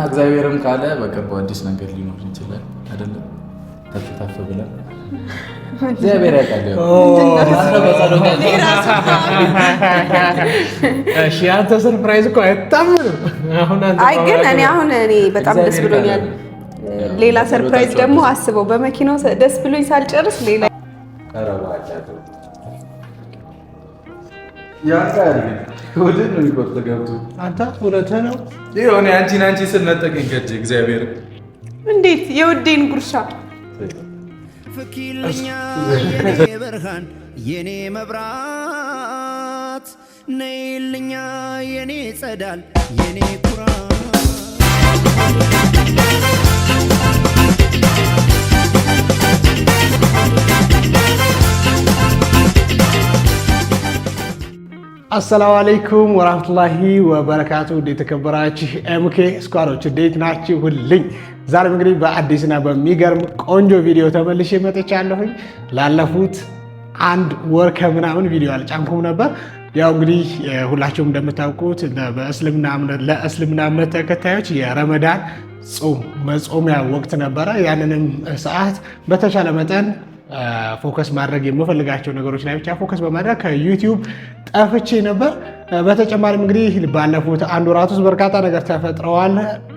እና እግዚአብሔርም ካለ በቅርቡ አዲስ ነገር ሊኖር ይችላል። አይደለም ታፍ ታፍ ብለን እግዚአብሔር ያውቃል። አንተ ሰርፕራይዝ እኮ አይታምንም። አይ ግን እኔ አሁን እኔ በጣም ደስ ብሎኛል። ሌላ ሰርፕራይዝ ደግሞ አስበው። በመኪናው ደስ ብሎኝ ሳልጨርስ ሌላ ወደ ነው ይቆጥ ተገብቶ አንተ ሁለተ ነው ይሆነ አንቺን አንቺ ስነጠቀኝ ከእጅ እግዚአብሔር እንዴት የውዴን ጉርሻ ፍኪልኛ የኔ ብርሃን የኔ መብራት ነይልኛ የኔ ጸዳል የኔ ኩራት አሰላሙ አለይኩም ወራህመቱላሂ ወበረካቱ። የተከበራችሁ ኤምኬ ስኳሮች እንዴት ሁልኝ ዛሬም እንግዲህ በአዲስና በሚገርም ቆንጆ ቪዲዮ ተመልሼ መጥቻለሁኝ። ላለፉት አንድ ወር ከምናምን ቪዲዮ አልጫንኩም ነበር። ያው እንግዲህ ሁላችሁም እንደምታውቁት ለእስልምና እምነት ተከታዮች የረመዳን ጾም መጾሚያ ወቅት ነበረ። ያንንም ሰዓት በተቻለ መጠን ፎከስ ማድረግ የምፈልጋቸው ነገሮች ላይ ብቻ ፎከስ በማድረግ ከዩቲዩብ ጠፍቼ ነበር። በተጨማሪም እንግዲህ ባለፉት አንድ ወራት ውስጥ በርካታ ነገር ተፈጥረዋል።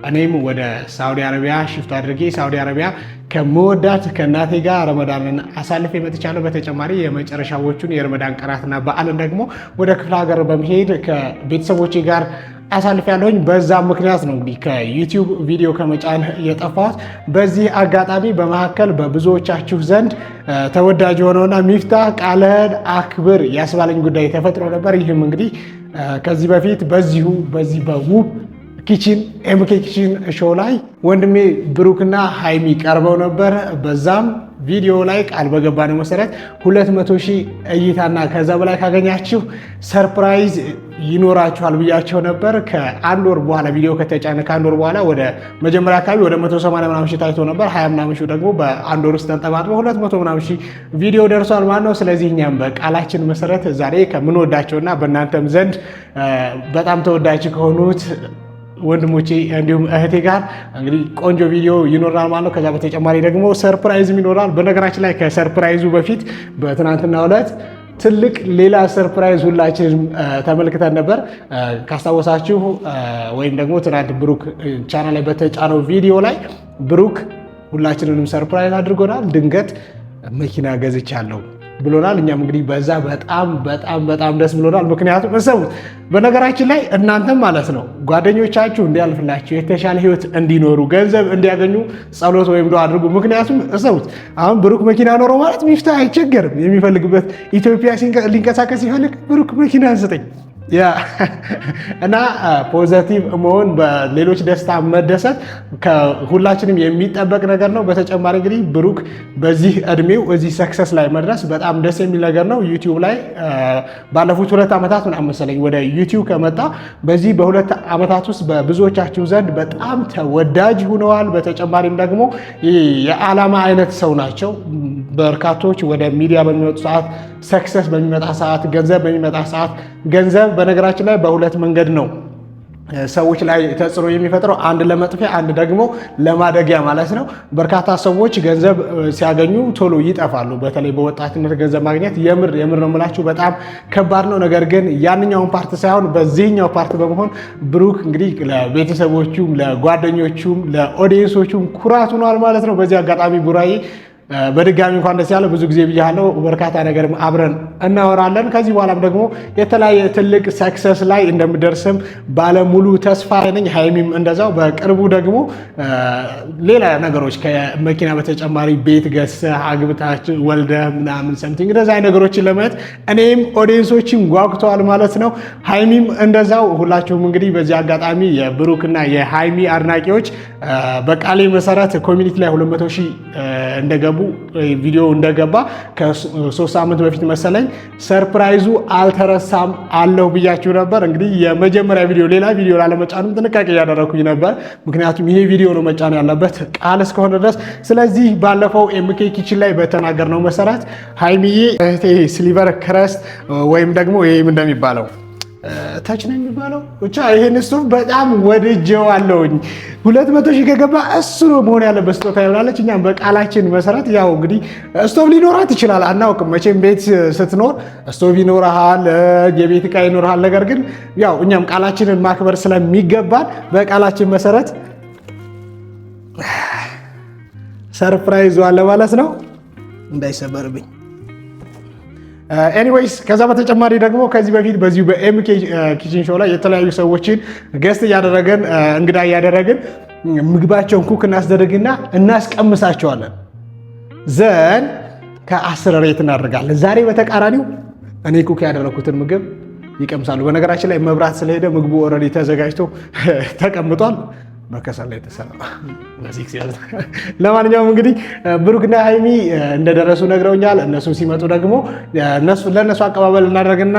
እኔም ወደ ሳውዲ አረቢያ ሽፍት አድርጌ ሳውዲ አረቢያ ከመወዳት ከእናቴ ጋር ረመዳንን አሳልፌ መጥቻለሁ። በተጨማሪ የመጨረሻዎቹን የረመዳን ቀናትና በዓልን ደግሞ ወደ ክፍለ ሀገር በመሄድ ከቤተሰቦቼ ጋር አሳልፍ ያለሁኝ በዛ ምክንያት ነው እንግዲህ ከዩቲዩብ ቪዲዮ ከመጫን የጠፋት በዚህ አጋጣሚ በመካከል በብዙዎቻችሁ ዘንድ ተወዳጅ የሆነውና ሚፍታ ቃልህን አክብር ያስባለኝ ጉዳይ ተፈጥሮ ነበር። ይህም እንግዲህ ከዚህ በፊት በዚሁ በዚህ በውብ ኪችን ኤምኬ ኪችን ሾ ላይ ወንድሜ ብሩክና ሀይሚ ቀርበው ነበር። በዛም ቪዲዮ ላይ ቃል በገባነው መሰረት 200 ሺህ እይታና ከዛ በላይ ካገኛችሁ ሰርፕራይዝ ይኖራችኋል ብያቸው ነበር። ከአንድ ወር በኋላ ቪዲዮ ከተጫነ ከአንድ ወር በኋላ ወደ መጀመሪያ አካባቢ ወደ 180 ምናምን ሺህ ታይቶ ነበር። 20 ምናምን ሺህ ደግሞ በአንድ ወር ውስጥ ተንጠባጥበው 200 ምናምን ሺህ ቪዲዮ ደርሷል ማለት ነው። ስለዚህ እኛም በቃላችን መሰረት ዛሬ ከምንወዳቸውና በእናንተም ዘንድ በጣም ተወዳጅ ከሆኑት ወንድሞቼ እንዲሁም እህቴ ጋር እንግዲህ ቆንጆ ቪዲዮ ይኖራል ማለት ነው። ከዛ በተጨማሪ ደግሞ ሰርፕራይዝም ይኖራል። በነገራችን ላይ ከሰርፕራይዙ በፊት በትናንትናው ዕለት ትልቅ ሌላ ሰርፕራይዝ ሁላችንም ተመልክተን ነበር። ካስታወሳችሁ ወይም ደግሞ ትናንት ብሩክ ቻናል ላይ በተጫነው ቪዲዮ ላይ ብሩክ ሁላችንንም ሰርፕራይዝ አድርጎናል። ድንገት መኪና ገዝቻለሁ ብሎናል። እኛም እንግዲህ በዛ በጣም በጣም በጣም ደስ ብሎናል። ምክንያቱም እሰቡት፣ በነገራችን ላይ እናንተም ማለት ነው ጓደኞቻችሁ እንዲያልፍላቸው የተሻለ ህይወት እንዲኖሩ ገንዘብ እንዲያገኙ ጸሎት ወይም ዶ አድርጉ። ምክንያቱም እሰቡት፣ አሁን ብሩክ መኪና ኖሮ ማለት ሚፍታ አይቸገርም። የሚፈልግበት ኢትዮጵያ ሊንቀሳቀስ ሲፈልግ ብሩክ መኪና ስጠኝ እና ፖዘቲቭ መሆን በሌሎች ደስታ መደሰት ከሁላችንም የሚጠበቅ ነገር ነው። በተጨማሪ እንግዲህ ብሩክ በዚህ እድሜው እዚህ ሰክሰስ ላይ መድረስ በጣም ደስ የሚል ነገር ነው። ዩቲዩብ ላይ ባለፉት ሁለት ዓመታት ምናምን መሰለኝ ወደ ዩቲዩብ ከመጣ በዚህ በሁለት ዓመታት ውስጥ በብዙዎቻችሁ ዘንድ በጣም ተወዳጅ ሆነዋል። በተጨማሪም ደግሞ የዓላማ አይነት ሰው ናቸው። በርካቶች ወደ ሚዲያ በሚመጡ ሰዓት ሰክሰስ በሚመጣ ሰዓት ገንዘብ በሚመጣ ሰዓት ገንዘብ በነገራችን ላይ በሁለት መንገድ ነው ሰዎች ላይ ተጽዕኖ የሚፈጥረው አንድ ለመጥፊያ አንድ ደግሞ ለማደጊያ ማለት ነው። በርካታ ሰዎች ገንዘብ ሲያገኙ ቶሎ ይጠፋሉ። በተለይ በወጣትነት ገንዘብ ማግኘት የምር የምር ነው የምላችሁ በጣም ከባድ ነው። ነገር ግን ያንኛውን ፓርት ሳይሆን በዚህኛው ፓርት በመሆን ብሩክ እንግዲህ ለቤተሰቦቹም፣ ለጓደኞቹም፣ ለኦዲየንሶቹም ኩራት ሆኗል ማለት ነው። በዚህ አጋጣሚ ቡራዬ በድጋሚ እንኳን ደስ ያለው። ብዙ ጊዜ ብያለው፣ በርካታ ነገር አብረን እናወራለን። ከዚህ በኋላም ደግሞ የተለያየ ትልቅ ሰክሰስ ላይ እንደምደርስም ባለሙሉ ተስፋ ነኝ። ሀይሚም እንደዛው። በቅርቡ ደግሞ ሌላ ነገሮች ከመኪና በተጨማሪ ቤት ገሰ አግብታች ወልደ ምናምን ሰምቲንግ እንደዛ ነገሮችን ለማየት እኔም ኦዲየንሶችን ጓጉተዋል ማለት ነው። ሀይሚም እንደዛው። ሁላችሁም እንግዲህ በዚህ አጋጣሚ የብሩክና የሀይሚ አድናቂዎች በቃሌ መሰረት ኮሚኒቲ ላይ 200 ሺህ እንደገቡ ቪዲዮ እንደገባ ከሶስት ዓመት በፊት መሰለኝ ሰርፕራይዙ አልተረሳም አለሁ ብያችሁ ነበር። እንግዲህ የመጀመሪያ ቪዲዮ ሌላ ቪዲዮ ላለመጫንም ጥንቃቄ እያደረኩኝ ነበር። ምክንያቱም ይሄ ቪዲዮ ነው መጫን ያለበት ቃል እስከሆነ ድረስ። ስለዚህ ባለፈው ኤምኬ ኪችን ላይ ነው መሰረት ሀይሚዬ ስሊቨር ክረስት ወይም ደግሞ ይህም እንደሚባለው ታች ነው የሚባለው። ብቻ ይሄን ስቶቭ በጣም ወድጄዋለሁኝ። ሁለት መቶ ሺህ ከገባ እሱ መሆን ያለበት ስጦታ ይሆናለች። እኛም በቃላችን መሰረት ያው እንግዲህ ስቶቭ ሊኖራት ይችላል፣ አናውቅም። መቼም ቤት ስትኖር ስቶቭ ይኖርሃል፣ የቤት እቃ ይኖርሃል። ነገር ግን ያው እኛም ቃላችንን ማክበር ስለሚገባል በቃላችን መሰረት ሰርፕራይዟ ማለት ነው እንዳይሰበርብኝ ኤኒዌይስ uh, ከዛ በተጨማሪ ደግሞ ከዚህ በፊት በዚሁ በኤምኬ ኪችን uh, ሾው ላይ የተለያዩ ሰዎችን ገስት እያደረገን uh, እንግዳ እያደረግን ምግባቸውን ኩክ እናስደርግና እናስቀምሳቸዋለን። ዘን ከአስር ሬት እናደርጋለን። ዛሬ በተቃራኒው እኔ ኩክ ያደረግኩትን ምግብ ይቀምሳሉ። በነገራችን ላይ መብራት ስለሄደ ምግቡ ኦልሬዲ ተዘጋጅቶ ተቀምጧል። በከሰል ላይ የተሰራ ለማንኛውም እንግዲህ ብሩክና ሀይሚ እንደደረሱ ነግረውኛል። እነሱም ሲመጡ ደግሞ ለእነሱ አቀባበል እናደርግና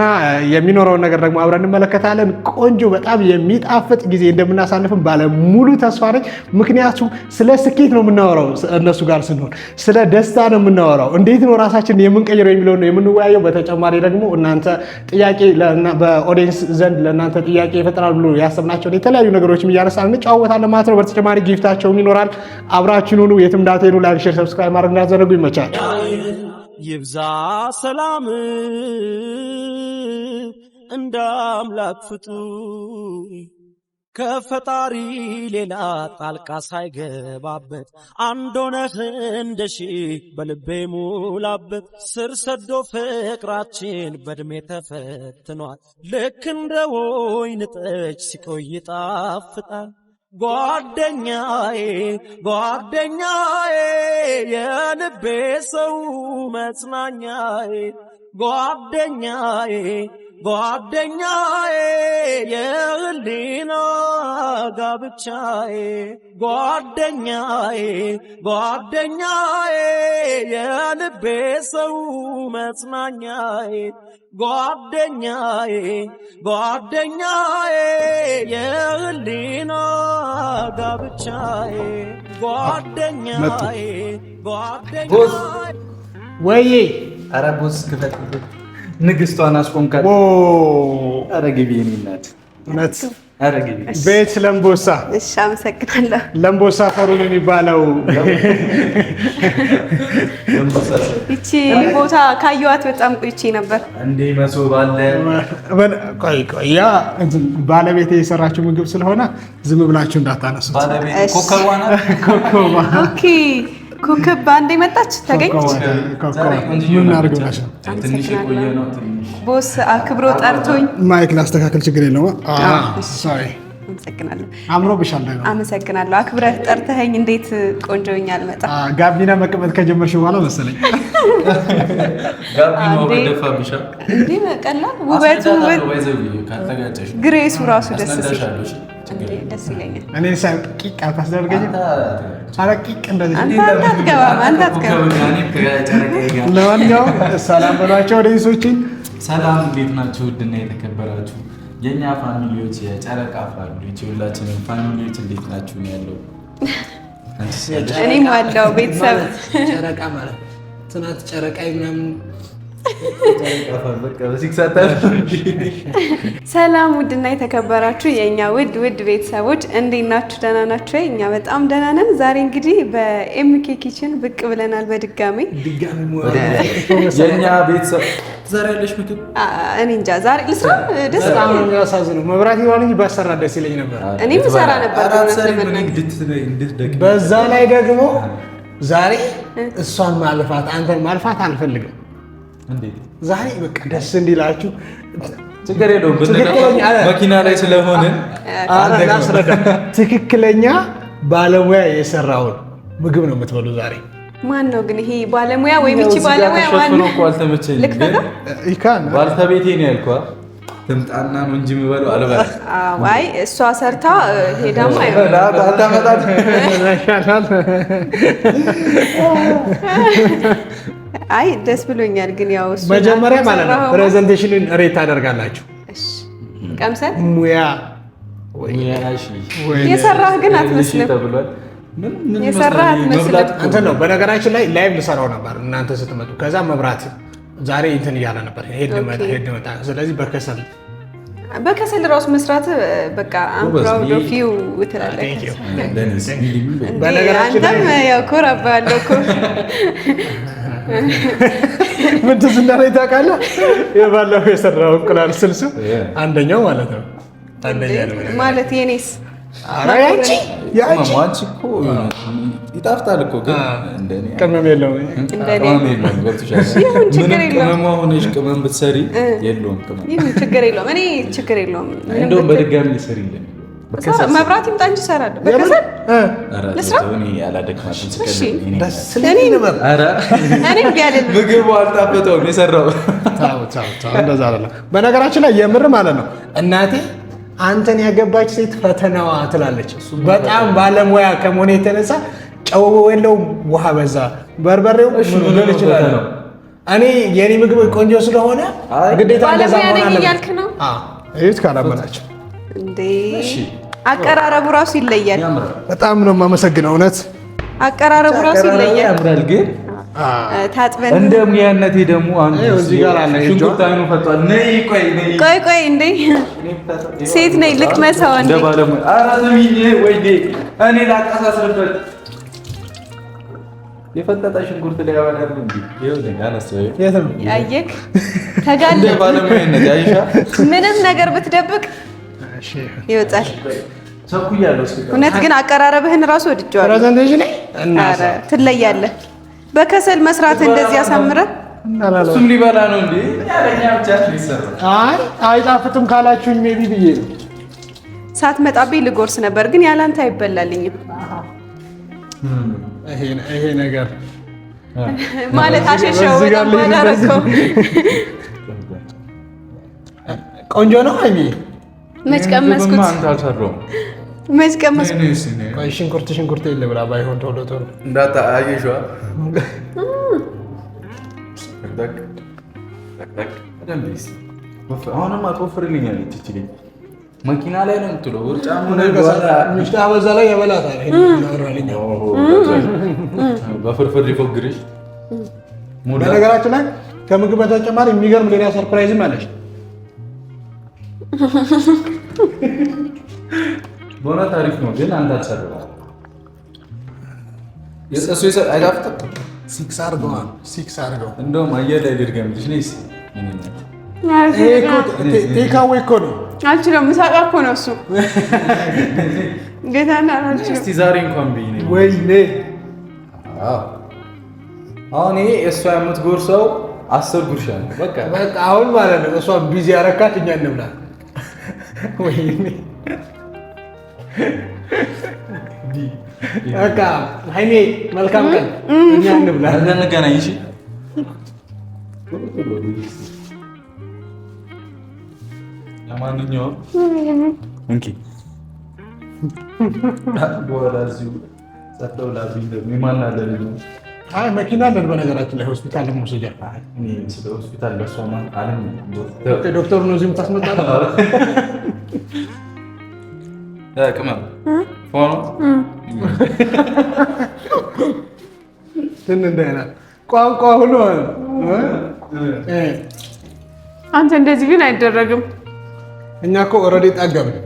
የሚኖረውን ነገር ደግሞ አብረን እንመለከታለን። ቆንጆ በጣም የሚጣፍጥ ጊዜ እንደምናሳልፍም ባለሙሉ ተስፋ ነኝ። ምክንያቱም ስለ ስኬት ነው የምናወራው፣ እነሱ ጋር ስንሆን ስለ ደስታ ነው የምናወራው። እንዴት ነው ራሳችን የምንቀይረው የሚለው ነው የምንወያየው። በተጨማሪ ደግሞ እናንተ ጥያቄ በኦዲየንስ ዘንድ ለእናንተ ጥያቄ ይፈጥራሉ ብሎ ያሰብናቸውን የተለያዩ ነገሮችም እያነሳን እንጨዋወታለን። እናደርሳለን ማለት ነው። በተጨማሪ ጊፍታቸውም ይኖራል። አብራችን ሁኑ። የትም እንዳትሄዱ። ላይክ፣ ሼር፣ ሰብስክራይብ ማድረግ እንዳትዘነጉ። ይመቻል። ይብዛ ሰላም እንደ አምላክ ፍጡር ከፈጣሪ ሌላ ጣልቃ ሳይገባበት አንድ ሆነህ እንደ ሺህ በልቤ ሙላበት። ስር ሰዶ ፍቅራችን በእድሜ ተፈትኗል። ልክ እንደ ወይን ጠጅ ሲቆይ ጣፍጣል። ጓደኛዬ ጓደኛዬ የልቤ ሰው መጽናኛዬ ጓደኛዬ ጓደኛዬ የህሊና ጋብቻዬ ጓደኛዬ ጓደኛዬ የልቤ ሰው መጽናኛዬ ጓደኛዬ ጓደኛዬ የህሊና ጋብቻዬ ጓደኛዬ ጓደኛዬ ወይ ኧረ ቦስ ክፈት ንግስቷን አስቆንካል። ኧረ ግቢ የእኔ እናት እውነት ቤት ለምቦሳ አመሰግናለሁ። ለምቦሳ ፈሩ የሚባለው። ይቺ ቦታ ካየዋት በጣም ቆይቼ ነበር። ያ ባለቤት የሰራችው ምግብ ስለሆነ ዝም ብላችሁ እንዳታነሱት። ኮከብ በአንድ መጣች ተገኘች። ቦስ አክብሮ ጠርቶኝ ማይክ ላስተካከል ችግር የለውም። አመሰግናለሁ። አክብረህ ጠርተኸኝ እንዴት ቆንጆኛ አልመጣ። ጋቢና መቀመጥ ከጀመርሽ በኋላ መሰለኝ ቀላል ውበቱ ግሬሱ ራሱ ደስ ሲል እኔ ቂቅ አታስደርገኝም። ለማንኛውም ሰላም በሏቸው ወደሶች። ሰላም እንዴት ናችሁ? ውድና የተከበራችሁ የእኛ ፋሚሊዎች፣ የጨረቃ ፋሚሊዎች፣ የሁላችንም ፋሚሊዎች እንዴት ናችሁ? ያለው እኔም አለው ቤተሰብ ጨረቃ ማለት ትናንት ጨረቃ ምናምን ሰላም ውድና የተከበራችሁ የእኛ ውድ ውድ ቤተሰቦች እንዴት ናችሁ? ደህና ናችሁ? እኛ በጣም ደህና ነን። ዛሬ እንግዲህ በኤምኬ ኪችን ብቅ ብለናል። በድጋሚ የእኛ ቤተሰብ ዛሬ በዛ ላይ ደግሞ ዛሬ እሷን ማልፋት አንተን ማልፋት አልፈልግም። ዛሬ በቃ ደስ እንዲላችሁ ችግር የለውም። መኪና ላይ ስለሆነ ትክክለኛ ባለሙያ የሰራውን ምግብ ነው የምትበሉ ዛሬ። ማን ነው ግን ይሄ ባለሙያ ወይም እቺ ባለሙያ? ማን ባልተቤቴ ነው ያልኳት። ትምጣና ነው እንጂ የምበለው አልበላም። አይ እሷ ሰርታ ሄዳማ አይ ደስ ብሎኛል። ግን ያው እሱ መጀመሪያ ማለት ነው ፕሬዘንቴሽንን ሬት ታደርጋላችሁ። እሺ ቀምሰን ሙያ የሰራህ ግን አትመስልም። የሰራህ አትመስልም። አንተ ነው በነገራችን ላይ ላይቭ ልሰራው ነበር እናንተ ስትመጡ። ከዛ መብራት ዛሬ እንትን እያለ ነበር ሄድ መጣ ሄድ መጣ። ስለዚህ በከሰል በከሰል ራሱ መስራት በቃ አም ፕራውድ ኦፍ ዩ ትላለህ። በነገራችን ላይ አንተም ያው ኮራ ባለው እኮ ምን ትዝ እንዳለኝ ታውቃለህ? የባለፈው የሰራው እንቁላል ስልሱ አንደኛው ማለት ነው። አንደኛ ማለት የኔስ ይጣፍጣል እኮ ቅመም የለውም። ምንም ሆነሽ ቅመም ብትሰሪ የለውም። ችግር የለውም። እኔ ችግር የለውም። እንደውም በድጋሚ ስሪልን መብራት ይምጣ እንጂ እሰራለሁ። በከሰል ልስራ አላደክማትም። በነገራችን ላይ የምር ማለት ነው እናቴ አንተን ያገባች ሴት ፈተናዋ ትላለች። በጣም ባለሙያ ከመሆኑ የተነሳ ጨው የለው ውሃ በዛ፣ በርበሬው ምን ይችላል። እኔ የኔ ምግብ ቆንጆ ስለሆነ ግዴታ ነው። ካላመናቸው እንዴ አቀራረቡ ራሱ ይለያል። በጣም ነው የማመሰግነው። እውነት አቀራረቡ ራሱ ይለያል። ያምራል ግን ታጥበን እንደ ሙያነቴ ደግሞ አንዱ ቆይ ቆይ ቆይ ሴት ነኝ ልቅመሰው እንዴ እንደ ባለሙያ ምንም ነገር ብትደብቅ ይወጣል። እውነት ግን አቀራረብህን እራሱ ወድጄዋለሁ። ትለያለህ። በከሰል መስራት እንደዚህ ያሳምራል። እሱም ሊበላ ነው እንዴ? አይ አይጣፍጥም ካላችሁኝ ሜቢ ብዬ ነው። ሳትመጣብኝ ልጎርስ ነበር፣ ግን ያላንተ አይበላልኝም። ይሄ ነገር ማለት አሸሸው። ቆንጆ ነው። መች ቀመስኩት? መች ቀመስኩት? ሽንኩርት ሽንኩርት የለ ብላ ባይሆን ቶሎ ቶሎ እንዳታ አየሽ። አሁንም አትወፍርልኛለች ይችልኝ መኪና ላይ ነው የምትለው። ምሽታ በዛ ላይ ያበላታል። በፍርፍር ሊፎግርሽ። በነገራችን ላይ ከምግብ በተጨማሪ የሚገርም ሌላ ሰርፕራይዝም አለች። በእውነት አሪፍ ነው፣ ግን አንድ አየር ላይ ድርገምልሽ ነይስ ቴካዌ አልችልም። ምሳቃ እኮ ነው እሱ ጌታና አልችልም። እስቲ ዛሬ እንኳን ብይ ወይኔ አሁን ይሄ እሷ የምትጎርሰው አስር ጉርሻ ነው። በቃ አሁን ማለት ነው። እሷ ቢዚ ያረካት እኛ እንብላት በቃ ሀይሜ መልካም ቀን። እኛ እንብላ እንገናኝ። እሺ ለማንኛውም ጸጥ ብላ ደግሞ ነው አይ መኪና አለን። በነገራችን ላይ ሆስፒታል ለመውሰጃ ሆስፒታል ዶክተሩ ነው እዚህ የምታስመጣ ቋንቋ ሁሉ አንተ እንደዚህ ግን አይደረግም። እኛ እኮ ኦልሬዲ ጠገብን።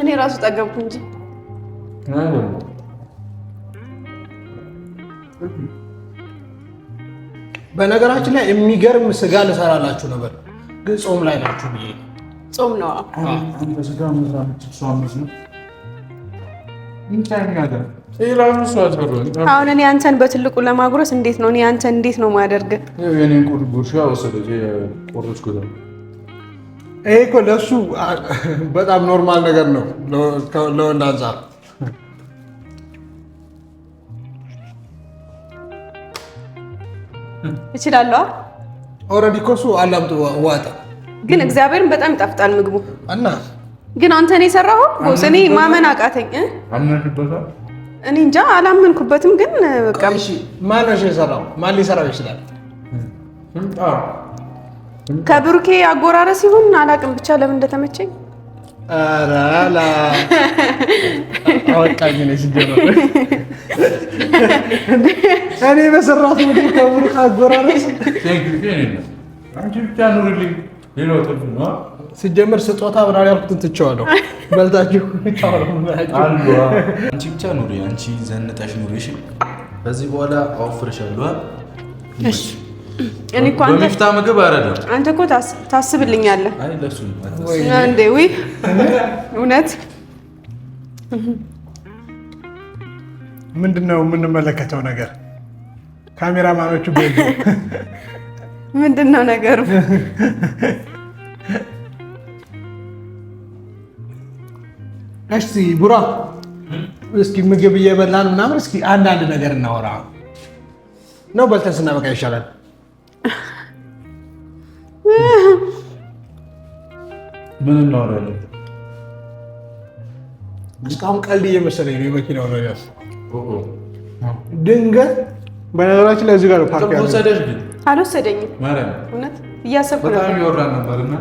እኔ ራሱ ጠገብኩ እንጂ በነገራችን ላይ የሚገርም ስጋ ልሰራላችሁ ነበር፣ ግን ጾም ላይ ናችሁ ብዬ ጾም አሁን እኔ አንተን በትልቁ ለማጉረስ እንዴት ነው? እኔ አንተን እንዴት ነው ማደርግ? ይሄ እኮ ለእሱ በጣም ኖርማል ነገር ነው ለወንድ አንጻር እችላለሁ። ኦልሬዲ እኮ እሱ አላምጡ ዋጣ። ግን እግዚአብሔርን በጣም ይጣፍጣል ምግቡ እና ግን አንተ ነው የሰራኸው? ቦስ እኔ ማመን አቃተኝ። እኔ እንጃ አላመንኩበትም። ግን በቃ እሺ፣ ማን ነው የሰራው? ማን ሊሰራው ይችላል? ከብሩኬ አጎራረስ ይሁን አላቅም፣ ብቻ ለምን እንደተመቸኝ አወቃኝ ነው ሲጀመር እኔ በሰራት ምግብ ከሙሉ ካጎራረስ ሲጀመር ስጦታ ምናምን ያልኩትን ትቼዋለሁ። በልታችሁ አንቺ ብቻ ኑሪ፣ አንቺ ዘንጠሽ ኑሪ። እሺ፣ በዚህ በኋላ አወፍርሻለሁ። እሺ እኔ እኮ በሚፍታ ምግብ አይደለም። አንተ እኮ ታስብልኛለህ እንዴ? እውነት ምንድን ነው የምንመለከተው ነገር? ካሜራማኖቹ ምንድን ነው ነገሩ? እስኪ ቡራ፣ እስኪ ምግብ እየበላን ምናምን፣ እስኪ አንዳንድ ነገር እናወራ ነው። በልተን ስናበቃ ይሻላል። ምን እናወራለን? እስካሁን ቀልድ እየመሰለኝ ነው። የመኪናው ነው ያስ ድንገት በነገራችን ላይ እዚህ ጋር ፓርክ ያለው አልወሰደኝም። እውነት እያሰብኩ ነበር። ነበርና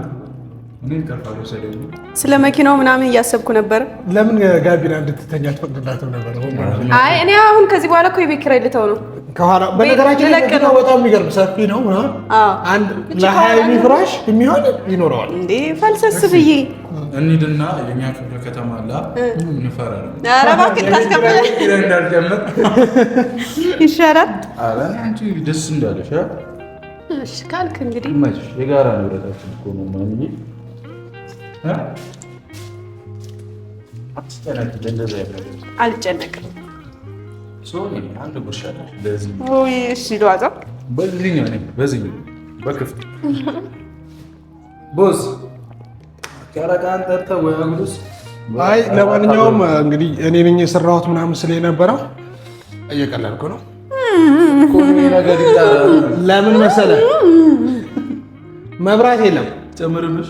ስለ መኪናው ምናምን እያሰብኩ ነበር። ለምን ጋቢና እንድትተኛ ትፈቅድላት ነበር? አይ እኔ አሁን ከዚህ በኋላ እኮ የቤት ኪራይ ልተው ነው። ከኋላ በነገራችን ላይ በጣም የሚገርም ሰፊ ነው። አንድ ለሀያ ፍራሽ የሚሆን ይኖረዋል። እንዴ ፈልሰስ ብዬ እንሂድና የኛ ክፍለ ከተማ አላ እንፈራለን። ኧረ እባክህ ታስቀበለኝ እንዳልጀምር ይሻላል። ኧረ አንቺ ደስ እንዳለሽ ካልክ እንግዲህ የጋራ ንብረታችን እኮ ነው ምናምን አልጨነቅም። እሺ ልዋጣ በዚህ አይ ለማንኛውም እንግዲህ እኔ ነኝ የሰራሁት ምናምን ስለነበረ እየቀለልኩ ነው። ለምን መሰለ መብራት የለም ጨምርልሽ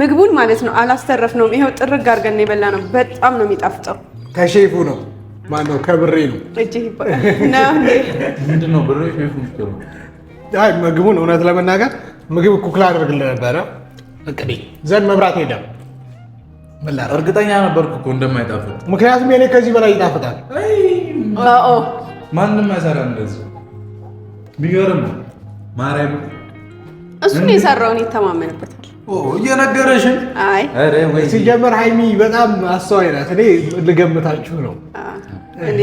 ምግቡን ማለት ነው አላስተረፍ ነው። ይሄው ጥርግ አድርገን የበላ ነው። በጣም ነው የሚጣፍጠው። ከሼፉ ነው ማነው? ከብሬ ነው እጅ ይባላል። ብሬ ሼፉ አይ ምግቡን እውነት ለመናገር ምግብ ኩክላ አድርግልህ ነበረ። እቅዴ ዘንድ መብራት ሄደ። እርግጠኛ ነበርኩ እኮ እንደማይጣፍጥ፣ ምክንያቱም የኔ ከዚህ በላይ ይጣፍጣል። ማንም አይሰራ እንደዚህ ቢገርም ማርያም፣ እሱን የሰራውን ይተማመንበት እየነገረሽን ሲጀመር ሀይሚ በጣም አስተዋይ ናት። እኔ ልገምታችሁ ነው። እኔ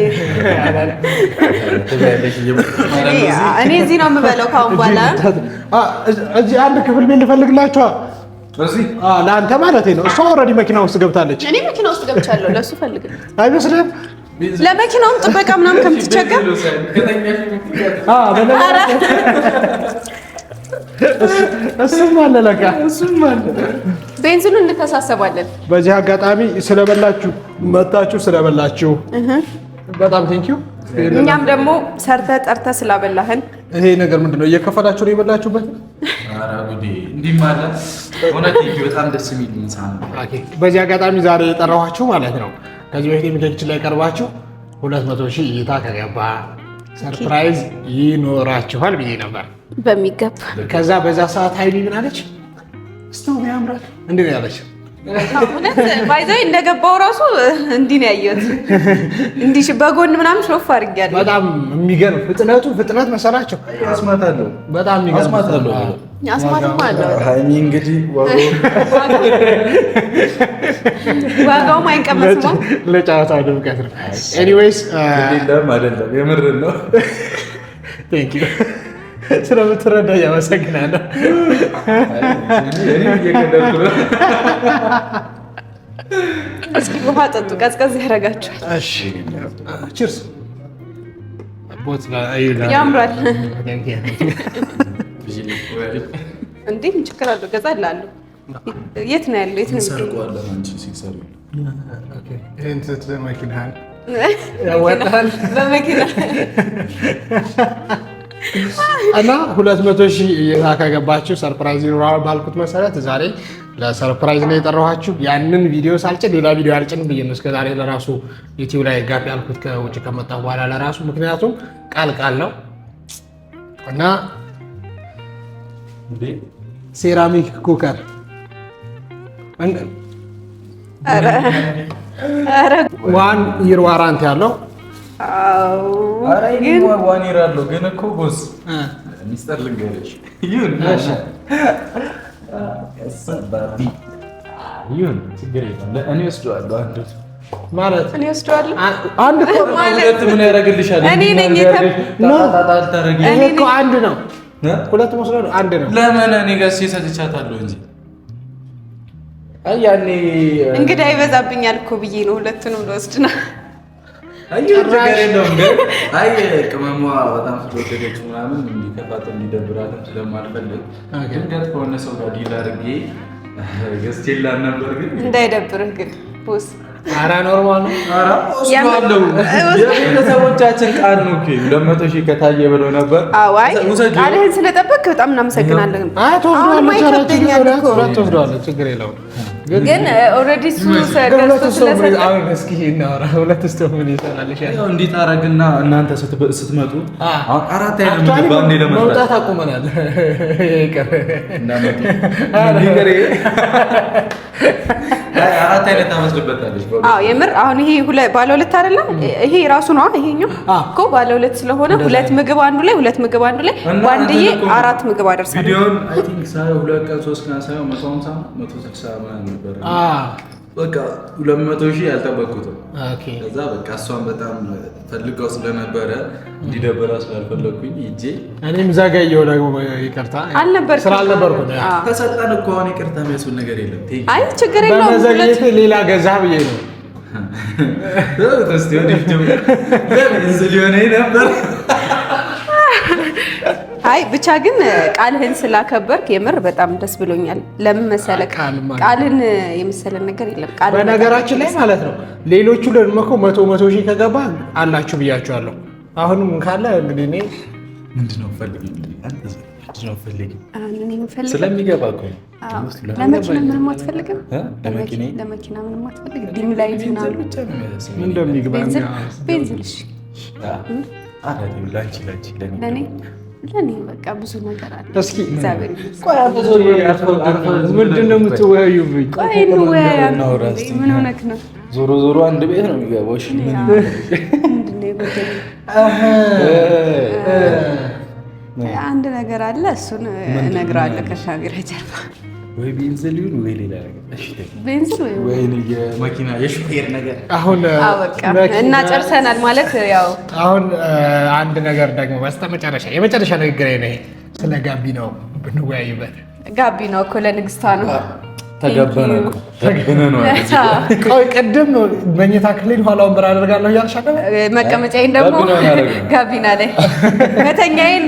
እዚህ ነው የምበለው ካሁን በኋላ እዚህ አንድ ክፍል ቤት ልፈልግላችኋል። ለአንተ ማለት ነው። እሷ ኦልሬዲ መኪና ውስጥ ገብታለች። እኔ መኪና ውስጥ ገብቻለሁ። ለእሱ ፈልግልኝ አይመስልህም? ለመኪናውም ጥበቃ ምናምን ከምትቸገር እሱም አለ ለካ እሱም አለ። ቤንዚኑ እንተሳሰባለን። በዚህ አጋጣሚ ስለበላችሁ መታችሁ ስለበላችሁ በጣም ቴንኪው። እኛም ደግሞ ሰርተ ጠርተ ስላበላህን ይሄ ነገር ምንድን ነው እየከፈላችሁ ነው የበላችሁበት? በዚህ አጋጣሚ ዛሬ የጠራኋችሁ ማለት ነው ከዚህ በፊት የሚቴክችን ላይ ቀርባችሁ ሁለት መቶ ሺህ እይታ ከገባ ሰርፕራይዝ ይኖራችኋል ብዬ ነበር በሚገባ ከዛ በዛ ሰዓት ሀይሚ ምን አለች? ስተው ያምራል እንዲህ ያለች። ባይዘዊ እንደገባው ራሱ እንዲህ ነው ያየሁት። እንዲህ በጎን ምናምን ሾፍ አድርጌያለሁ። በጣም የሚገርም ፍጥነቱ ፍጥነት መሰላቸው። አስማት አለው በጣም የሚገርም ሀይሚ እንግዲህ ዋጋውም አይቀመስም። ለጨዋታ ድምቀት ነው። ኤኒዌይስ አይደለም የምር ነው። ስለምትረዳ እያመሰግናለሁ። እስኪ ውሃ ጠጡ፣ ቀዝቀዝ ያደርጋችኋል። ቺርስ ያምራል። እንዴ ምን ችግር አለው? ገዛ እላለሁ። የት ነው ያለው? የት ነው ሰርጓለን? በመኪና እና ሁለት መቶ ሺህ እይታ ከገባችሁ ሰርፕራይዝ ይኖራል ባልኩት መሰረት ዛሬ ለሰርፕራይዝ ነው የጠራኋችሁ። ያንን ቪዲዮ ሳልጭን ሌላ ቪዲዮ አልጭን ብዬ ነው እስከዛሬ ለራሱ ዩቲዩብ ላይ ጋፍ ያልኩት ከውጭ ከመጣ በኋላ ለራሱ ምክንያቱም ቃል ቃል ነው እና ሴራሚክ ኩከር ዋን ይር ዋራንት ያለው ዋን ይር አለው። ግን እኮ ጎስ ሚስጥር ልንገርሽ እኔ ወስደዋለሁ ማለት እኔ ወስደዋለሁ። አንድ ምን ያደርግልሻል? እኔ ነኝ እኮ አንድ ነው ሁለት መስሎ አንድ ነው። ለምን እኔ ጋር ሰጥቻታለሁ እንጂ ያኔ እንግዲህ አይበዛብኛል እኮ ብዬ ነው ሁለቱንም ልወስድ ነው። አይ በጣም ስለወደደች ምናምን እንዲከፋት እንዲደብራትም ግን ሰው ጋር ነበር። ግን እንዳይደብርህ ግን አራ ኖርማል ነው። የቤተሰቦቻችን ቃል ነው። ሁለት መቶ ሺህ ከታየ ብለው ነበር። ቃልህን ስለጠበቅክ በጣም እናመሰግናለን። ትወስደዋለች፣ ችግር የለውም ግን ኦልሬዲ እሱ ሁለት ስቶቭ ምን ይሰራል? እንዴት አደረግና እናንተ ስትመጡ አራት መውጣት አቁመናል። አራት አይነት ታመስልበታለች። የምር አሁን ይሄ ባለ ሁለት አይደለም፣ ይሄ ራሱ ነው። ይሄኛው እኮ ባለ ሁለት ስለሆነ ሁለት ምግብ አንዱ ላይ ሁለት ምግብ አንዱ ላይ በአንድዬ አራት ምግብ አደርሳለሁ። ቪዲዮውን አይ ቲንክ ሁለት ቀን ሶስት ቀን ሳይሆን መቶ ሀምሳ መቶ ስልሳ ነበር። በቃ ሁለት መቶ ሺህ ያልጠበኩትም። ከዛ በቃ እሷን በጣም ፈልገው ስለነበረ እንዲደበራ ስላልፈለግኩኝ ሂጄ እኔም ዘገየሁ። እየሆነ ይቅርታ ስላልነበርኩ ተሰጠን እኮ አሁን ይቅርታ የሚያስብል ነገር የለም። አይ ችግር የለውም። በመዘግየት ሌላ ገዛ ብዬ ነው ስ ሆነ ነበር አይ ብቻ ግን ቃልህን ስላከበርክ የምር በጣም ደስ ብሎኛል። ለምን መሰለህ ቃልን የመሰለ ነገር የለም። በነገራችን ላይ ማለት ነው ሌሎቹ ደግሞ እኮ መቶ መቶ ሺህ ከገባ አላችሁ ብያችኋለሁ። አሁንም ካለ እንግዲህ እኔ ምንድን ነው ስለሚገባ ለመኪና ምንም አትፈልግም። ለመኪና ምንም ዲም ላይት ለእኔ በቃ ብዙ ነገር አለ። እስኪ ምንድን ነው የምትወያዩብኝ? ምን ሆነህ ነው? ዞሮ ዞሮ አንድ ቤት ነው የሚገባው። አንድ ነገር አለ፣ እሱን እነግረዋለሁ ከሻገር ጀርባ ወይ ቤንዝል ይሁን ወይ ሌላ ነገር ቤንዝል የመኪና የሹፌር ነገር አሁን እና ጨርሰናል ማለት ያው አሁን አንድ ነገር ደግሞ በስተ መጨረሻ የመጨረሻ ንግግር ነው ስለ ጋቢ ነው ብንወያይበት ጋቢ ነው እኮ ለንግስቷ ነው ተገበነ ነው ቅድም መኝታ ክፍሌን ኋላ ወንበር አደርጋለሁ እያልሽ መቀመጫዬን ደግሞ ጋቢና ላይ መተኛዬን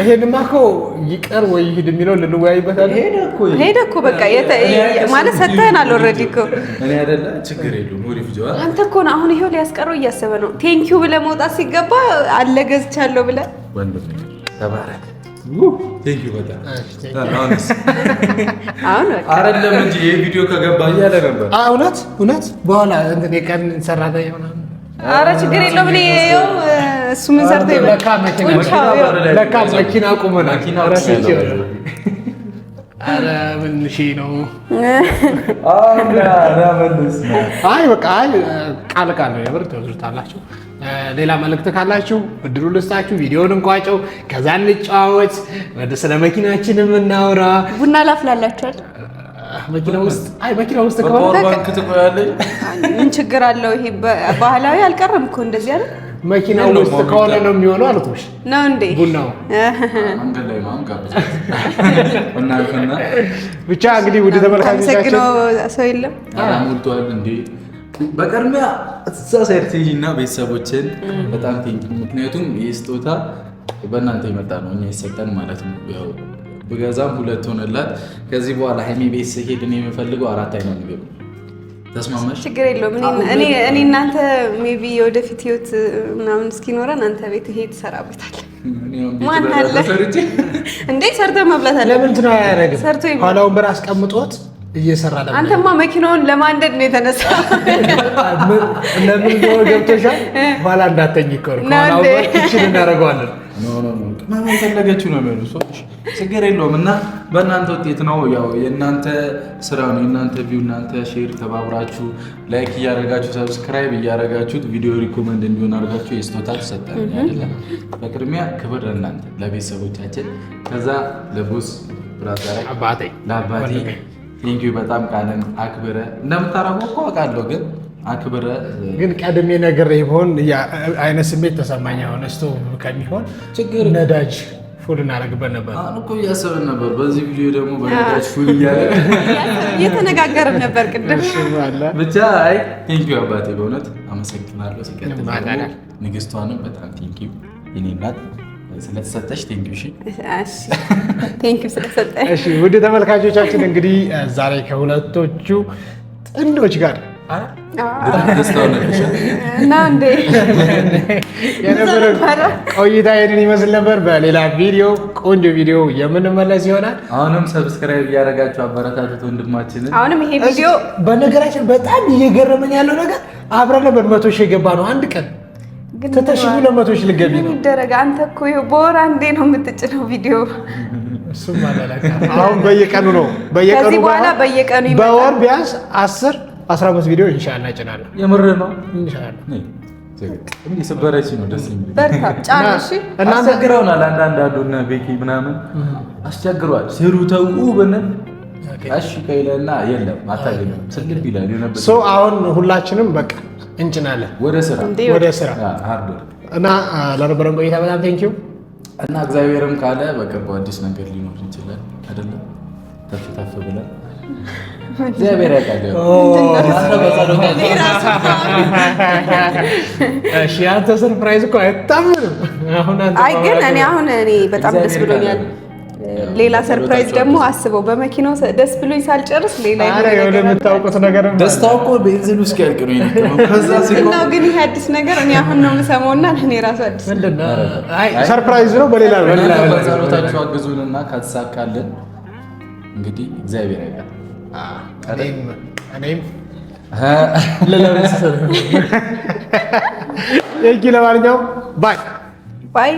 ይሄንማ እኮ ይቀር ወይ ይሄድ የሚለው ልንወያይበታለን። ሄደ እኮ በቃ ማለት ሰተህናል። ኦልሬዲ እኮ እኔ አይደለ ችግር የለውም። አንተ እኮ ነው አሁን ይሄው ሊያስቀረው እያሰበ ነው። ቴንኪው ብለህ መውጣት ሲገባ አለ ገዝቻለሁ ብለህ ተባረክ። አይደለም እንጂ ይሄ ቪዲዮ ከገባ እያለ ነበር። እውነት እውነት በኋላ እንትን የቀን ሰራተኛ ምናምን። ኧረ ችግር የለውም እኔ እሱ ምን ሰርቶ ለካ መኪና ቁመናል። ቃል ቃል ነው የምር ሌላ መልእክት ካላችሁ እድሉ ልስጣችሁ፣ ቪዲዮውን እንቋጨው፣ ከዛ እንጫወት፣ ስለ መኪናችን የምናወራ ቡና ላፍላላችኋል። መኪና ውስጥ ምን ችግር አለው? ይሄ ባህላዊ አልቀረም እኮ እንደዚህ አይደል መኪና ውስጥ ከሆነ ነው የሚሆነው አሉት። ውሽ ነው እንዴ ቡናው ብቻ እንግዲህ ውድ ተመልካቾቻችን ሰው የለም ሞልቷል እንዴ በቅድሚያ እዛ ሳይርትኝ እና ቤተሰቦችን በጣም ቴንኪ። ምክንያቱም ይህ ስጦታ በእናንተ ይመጣ ነው እኛ ይሰጠን ማለት ነው። ብገዛም ሁለት ሆነላት። ከዚህ በኋላ ሀይሚ ቤት ስሄድ እኔ የምፈልገው አራት አይነት ምግብ ተስማማሽ? ችግር የለውም። እኔ እናንተ ሜይ ቢ የወደፊት ህይወት ምናምን እስኪኖረን አንተ ቤት ይሄ ትሰራበታለህ። ማን አለ እንዴ? ሰርተህ መብላት አለ። ለምንድን ነው አያደርግም? ሰርቶ ይበላል። ወንበር አስቀምጦት እየሰራ ለምን አንተማ መኪናውን ለማንደድ ነው የተነሳ። ለምን ገብቶሻል? ኋላ እንዳተኝ እኮ ነው። ኋላ ወር ኪችን እናደርገዋለን ቅመም የፈለገችው ነው የሚሆኑ ሰዎች ችግር የለውም። እና በእናንተ ውጤት ነው ያው የእናንተ ስራ ነው የእናንተ ቪው፣ እናንተ ሼር ተባብራችሁ ላይክ እያደረጋችሁ ሰብስክራይብ እያደረጋችሁት ቪዲዮ ሪኮመንድ እንዲሆን አድርጋችሁ የስቶታ ትሰጠን አይደለም። በቅድሚያ ክብር ለእናንተ ለቤተሰቦቻችን፣ ከዛ ለቦስ ብራዛራ ለአባቴ ቴንኪዩ በጣም ቃለን አክብረ እንደምታረጉ እኮ አውቃለሁ ግን አክብረ ግን ቀድሜ ነገር ይሆን አይነ ስሜት ተሰማኝ። አሁን እስቶ ከሚሆን ችግር ነዳጅ ፉል እናደርግበት ነበር እኮ እያሰብን ነበር። በዚህ ቪዲዮ ደግሞ በነዳጅ ፉል እየተነጋገርን ነበር ቅድም ብቻ። አይ ቴንኪው አባቴ በእውነት አመሰግናለሁ። ሲቀጥል ንግስቷንም በጣም ቴንኪው የኔ እናት ስለተሰጠሽ ቴንኪው። እሺ ውድ ተመልካቾቻችን እንግዲህ ዛሬ ከሁለቶቹ ጥንዶች ጋር የነበረ ቆይታ ይሄንን ይመስል ነበር። በሌላ ቪዲዮ ቆንጆ ቪዲዮ የምንመለስ ይሆናል። አሁንም ሰብስክራይብ እያደረጋችሁ አበረታቱት ወንድማችንን። አሁንም ይሄ ቪዲዮ በነገራችን በጣም እየገረመኝ ያለው ነገር አብረን ነበር መቶ ሺህ የገባ ነው አንድ ቀን ተተሽጉ ለመቶ ሺህ ልገቢ ነው ይደረግ። አንተ እኮ በወር አንዴ ነው የምትጭነው ቪዲዮ አሁን በየቀኑ ነው። በየቀኑ በኋላ በየቀኑ በወር ቢያንስ አስር አስራ አምስት ቪዲዮ ኢንሻላህ እጭናለሁ። የምር ነው ኢንሻላህ። ነው ደስ አስቸግረውናል። አንዳንድ ቤኪ ምናምን አስቸግሯል። ስሩ ተው ብንል እሺ ከይለና የለም ይላል። አሁን ሁላችንም በቃ እንጭናለን ወደ ስራ ወደ ስራ እና ለነበረን ቆይታ በጣም ቴንኪው እና እግዚአብሔርም ካለ በቅርቡ አዲስ ነገር ሊኖር ይችላል አይደለም ተፍ ተፍ ብለን እግዚአብሔር ያውቃል። ሰርፕራይዝ እኮ አይታምርም። አይ ግን እኔ አሁን እኔ በጣም ደስ ብሎኛል። ሌላ ሰርፕራይዝ ደግሞ አስበው። በመኪናው ደስ ብሎኝ ሳልጨርስ ሌላ የምታውቁት ነገር ደስታው እኮ ቤንዚኑ እስኪያልቅ ነው። ግን ይሄ አዲስ ነገር እኔ አሁን ነው የምሰማው እና እኔ ራሱ አዲስ ሰርፕራይዝ ነው። በሌላ ነው ጸሎታችሁ አግዙንና ከተሳካልን እንግዲህ እግዚአብሔር ያውቃል እኔም ለለመሰለ ለማንኛውም ባይ ባይ